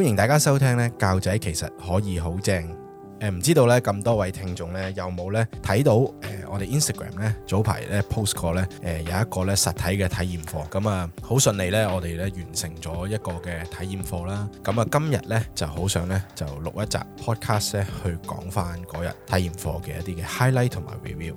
歡迎大家收聽呢，教仔其實可以好正。誒，唔知道呢咁多位聽眾呢，有冇呢睇到，誒我哋 Instagram 呢早排呢 post 過呢誒，有一個呢實體嘅體驗課，咁啊，好順利呢我哋呢完成咗一個嘅體驗課啦。咁啊，今日呢就好想呢就錄一集 podcast 呢去講翻嗰日體驗課嘅一啲嘅 highlight 同埋 review。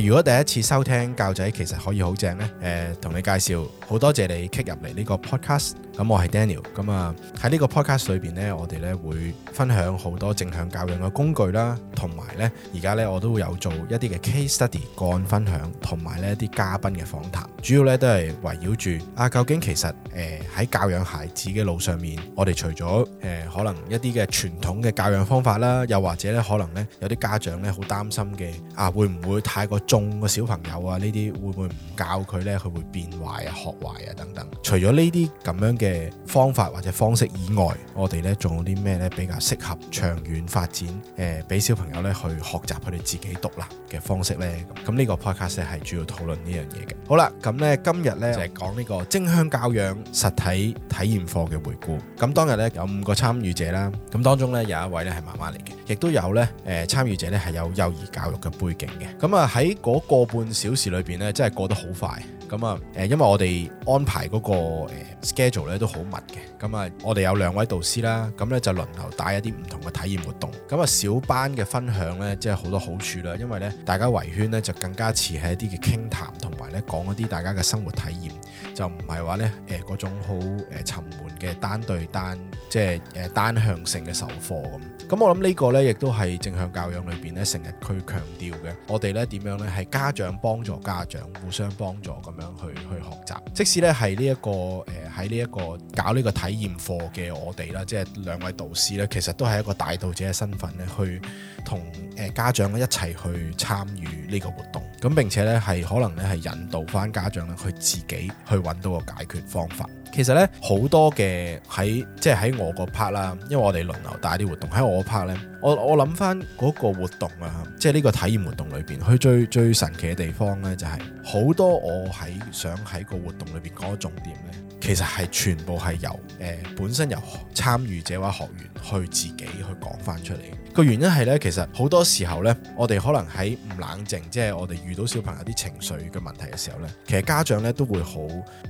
如果第一次收聽教仔其實可以好正呢，誒、呃，同你介紹，好多謝你 click 入嚟呢個 podcast。咁我係 Daniel，咁啊喺呢個 podcast 裏邊咧，我哋咧會分享好多正向教養嘅工具啦，同埋咧而家咧我都會有做一啲嘅 case study 個案分享，同埋咧一啲嘉賓嘅訪談，主要咧都係圍繞住啊究竟其實誒喺、呃、教養孩子嘅路上面，我哋除咗誒、呃、可能一啲嘅傳統嘅教養方法啦，又或者咧可能咧有啲家長咧好擔心嘅啊，會唔會太過縱個小朋友啊，呢啲會唔會唔教佢呢？佢會變壞啊學壞啊等等，除咗呢啲咁樣嘅。嘅方法或者方式以外，我哋呢仲有啲咩呢？比較適合長遠發展，誒、呃，俾小朋友呢去學習佢哋自己獨立嘅方式呢。咁呢個 podcast 係主要討論呢樣嘢嘅。好啦，咁呢今日呢，就係講呢個正向教養實體體驗課嘅回顧。咁當日呢，有五個參與者啦，咁當中呢，有一位呢係媽媽嚟嘅，亦都有呢誒參與者呢，係有幼兒教育嘅背景嘅。咁啊喺嗰個半小時裏邊呢，真係過得好快。咁啊，誒、嗯、因為我哋安排、嗰個誒、欸、schedule 咧都好密嘅，咁、嗯、啊、嗯，我哋有兩位導師啦，咁、嗯、咧就輪流帶一啲唔同嘅體驗活動，咁啊、嗯嗯、小班嘅分享咧，即係好多好處啦，因為咧大家圍圈咧就更加似係一啲嘅傾談同埋咧講一啲大家嘅生活體驗，就唔係話咧誒種好誒沉。嘅單對單，即係誒單向性嘅授課咁。咁我諗呢個呢，亦都係正向教養裏邊呢，成日佢強調嘅。我哋呢，點樣呢？係家長幫助家長，互相幫助咁樣去去學習。即使呢係呢一個誒喺呢一個搞呢個體驗課嘅我哋啦，即係兩位導師呢，其實都係一個帶導者嘅身份呢，去同誒家長一齊去參與呢個活動。咁並且呢，係可能呢，係引導翻家長呢，去自己去揾到個解決方法。其實咧，好多嘅喺即係喺我個 part 啦，因為我哋輪流帶啲活動喺我 part 咧，我我諗翻嗰個活動啊，即係呢個體驗活動裏邊，佢最最神奇嘅地方咧，就係，就係好多我喺想喺個活動裏邊講嘅重點咧。其實係全部係由誒、呃、本身由參與者或學員去自己去講翻出嚟嘅個原因係呢，其實好多時候呢，我哋可能喺唔冷靜，即係我哋遇到小朋友啲情緒嘅問題嘅時候呢，其實家長呢都會好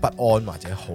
不安或者好誒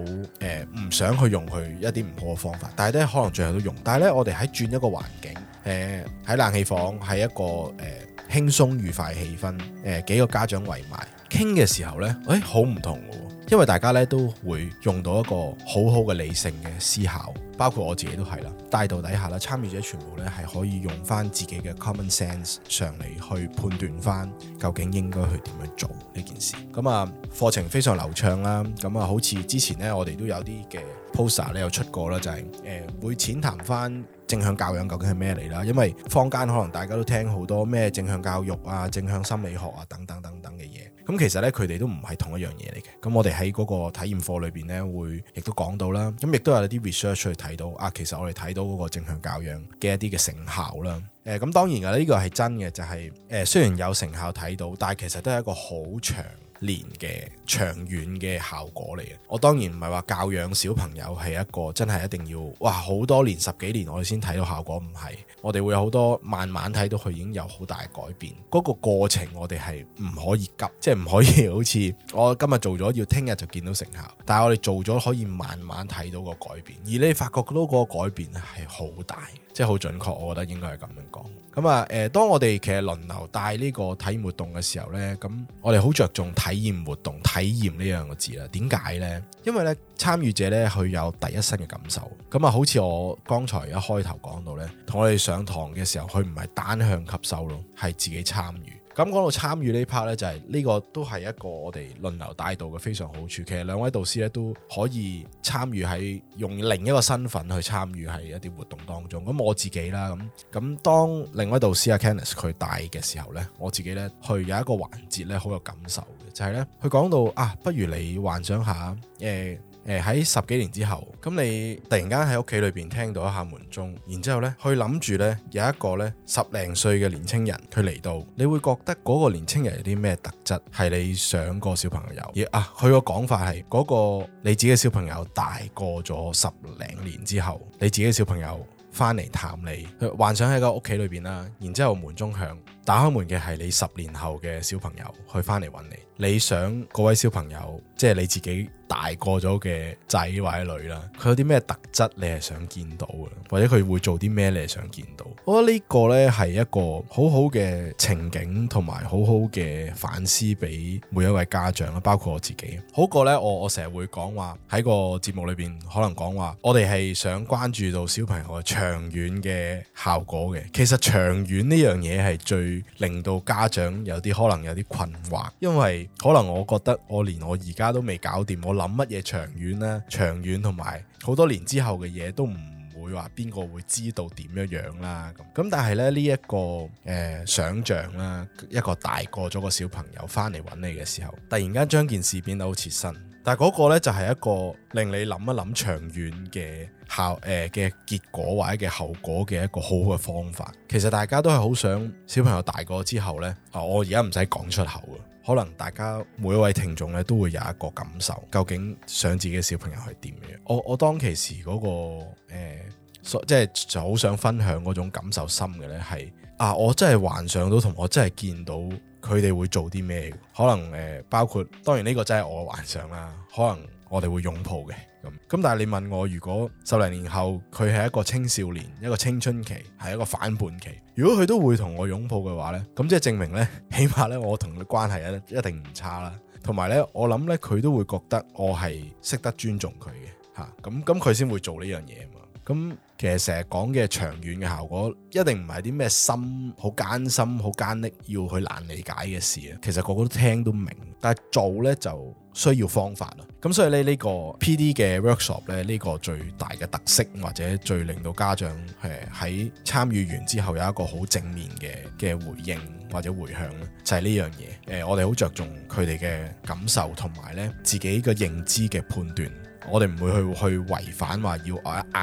唔想去用佢一啲唔好嘅方法，但係呢，可能最後都用。但係呢，我哋喺轉一個環境，誒、呃、喺冷氣房，喺一個誒、呃、輕鬆愉快氣氛，誒、呃、幾個家長圍埋傾嘅時候呢，誒好唔同喎。因為大家咧都會用到一個好好嘅理性嘅思考，包括我自己都係啦。大道底下啦，參與者全部咧係可以用翻自己嘅 common sense 上嚟去判斷翻究竟應該去點樣做呢件事。咁啊課程非常流暢啦，咁、嗯、啊好似之前咧我哋都有啲嘅 poster 咧有出過啦，就係誒會淺談翻。正向教養究竟係咩嚟啦？因為坊間可能大家都聽好多咩正向教育啊、正向心理學啊等等等等嘅嘢，咁其實呢，佢哋都唔係同一樣嘢嚟嘅。咁我哋喺嗰個體驗課裏邊呢，會亦都講到啦，咁亦都有啲 research 去睇到啊，其實我哋睇到嗰個正向教養嘅一啲嘅成效啦。誒、呃，咁當然㗎啦，呢、這個係真嘅，就係、是、誒、呃、雖然有成效睇到，但係其實都係一個好長。年嘅長遠嘅效果嚟嘅，我當然唔係話教養小朋友係一個真係一定要哇好多年十幾年我哋先睇到效果，唔係，我哋會有好多慢慢睇到佢已經有好大嘅改變，嗰個過程我哋係唔可以急，即係唔可以好似我今日做咗要聽日就見到成效，但係我哋做咗可以慢慢睇到個改變，而你發覺到嗰個改變係好大。即係好準確，我覺得應該係咁樣講。咁啊，誒，當我哋其實輪流帶呢個體驗活動嘅時候呢，咁我哋好着重體驗活動、體驗呢兩個字啦。點解呢？因為呢參與者呢，佢有第一身嘅感受。咁啊，好似我剛才一開頭講到呢，同我哋上堂嘅時候，佢唔係單向吸收咯，係自己參與。咁講到參與呢 part 呢，就係呢個都係一個我哋輪流帶導嘅非常好處。其實兩位導師咧都可以參與喺用另一個身份去參與喺一啲活動當中。咁我自己啦，咁咁當另一位導師阿 Kenneth 佢帶嘅時候呢，我自己呢去有一個環節呢，好有感受嘅，就係呢，佢講到啊，不如你幻想下誒。呃誒喺十幾年之後，咁你突然間喺屋企裏邊聽到一下門鐘，然之後呢去諗住呢有一個呢十零歲嘅年青人佢嚟到，你會覺得嗰個年青人有啲咩特質係你想過小朋友？而啊，佢個講法係嗰個你自己嘅小朋友大過咗十零年之後，你自己嘅小朋友翻嚟探你，幻想喺個屋企裏邊啦，然之後門鐘響。打開門嘅係你十年後嘅小朋友去翻嚟揾你，你想嗰位小朋友，即係你自己大個咗嘅仔或者女啦，佢有啲咩特質你係想見到嘅，或者佢會做啲咩你係想見到。我覺得呢個呢係一個好好嘅情景同埋好好嘅反思俾每一位家長啦，包括我自己。好過呢，我我成日會講話喺個節目裏邊可能講話，我哋係想關注到小朋友嘅長遠嘅效果嘅。其實長遠呢樣嘢係最。令到家長有啲可能有啲困惑，因為可能我覺得我連我而家都未搞掂，我諗乜嘢長遠咧？長遠同埋好多年之後嘅嘢都唔會話邊個會知道點樣樣啦。咁咁，但係咧呢一個誒、呃、想像啦，一個大個咗個小朋友翻嚟揾你嘅時候，突然間將件事變得好切身。但係嗰個呢就係一個令你諗一諗長遠嘅效誒嘅結果或者嘅後果嘅一個好好嘅方法。其實大家都係好想小朋友大個之後呢，啊！我而家唔使講出口嘅，可能大家每一位聽眾呢都會有一個感受。究竟想自己嘅小朋友係點嘅？我我當其時嗰、那個誒、欸，即係就好想分享嗰種感受心嘅呢，係啊！我真係幻想到同我真係見到。佢哋會做啲咩？可能誒、呃，包括當然呢個真係我嘅幻想啦。可能我哋會擁抱嘅咁。咁但係你問我，如果十零年後佢係一個青少年，一個青春期，係一個反叛期，如果佢都會同我擁抱嘅話呢，咁即係證明呢，起碼呢，我同佢關係呢一定唔差啦。同埋呢，我諗呢，佢都會覺得我係識得尊重佢嘅嚇。咁咁佢先會做呢樣嘢嘛。咁。其實成日講嘅長遠嘅效果，一定唔係啲咩心好艱心好艱力，要去難理解嘅事啊！其實個個都聽都明，但係做呢就需要方法啦。咁所以咧呢、呢個 PD 嘅 workshop 呢，呢個最大嘅特色或者最令到家長誒喺參與完之後有一個好正面嘅嘅回應或者回響，就係呢樣嘢。誒，我哋好着重佢哋嘅感受同埋呢自己嘅認知嘅判斷。我哋唔會去去違反話，要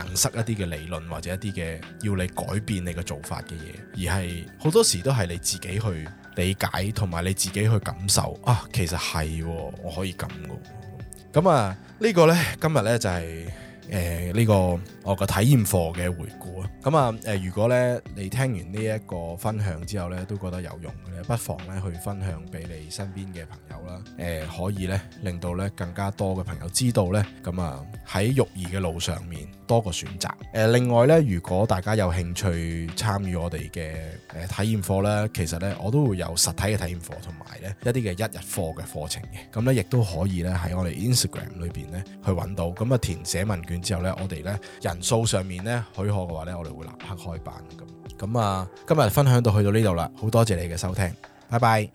硬塞一啲嘅理論或者一啲嘅要你改變你嘅做法嘅嘢，而係好多時都係你自己去理解同埋你自己去感受啊！其實係、哦、我可以咁嘅，咁啊呢、呢個呢，今日呢、就係，就係。誒呢、呃這個我個體驗課嘅回顧啊，咁啊誒，如果咧你聽完呢一個分享之後咧，都覺得有用嘅，不妨咧去分享俾你身邊嘅朋友啦，誒、呃、可以咧令到咧更加多嘅朋友知道咧，咁啊喺育兒嘅路上面多個選擇。誒、嗯、另外咧，如果大家有興趣參與我哋嘅誒體驗課咧，其實咧我都會有實體嘅體驗課同埋咧一啲嘅一日課嘅課程嘅，咁咧亦都可以咧喺我哋 Instagram 裏邊咧去揾到，咁、嗯、啊填寫問卷。之後呢，我哋呢，人數上面呢，許可嘅話呢，我哋會立刻開辦咁。咁啊，今日分享到去到呢度啦，好多謝你嘅收聽，拜拜。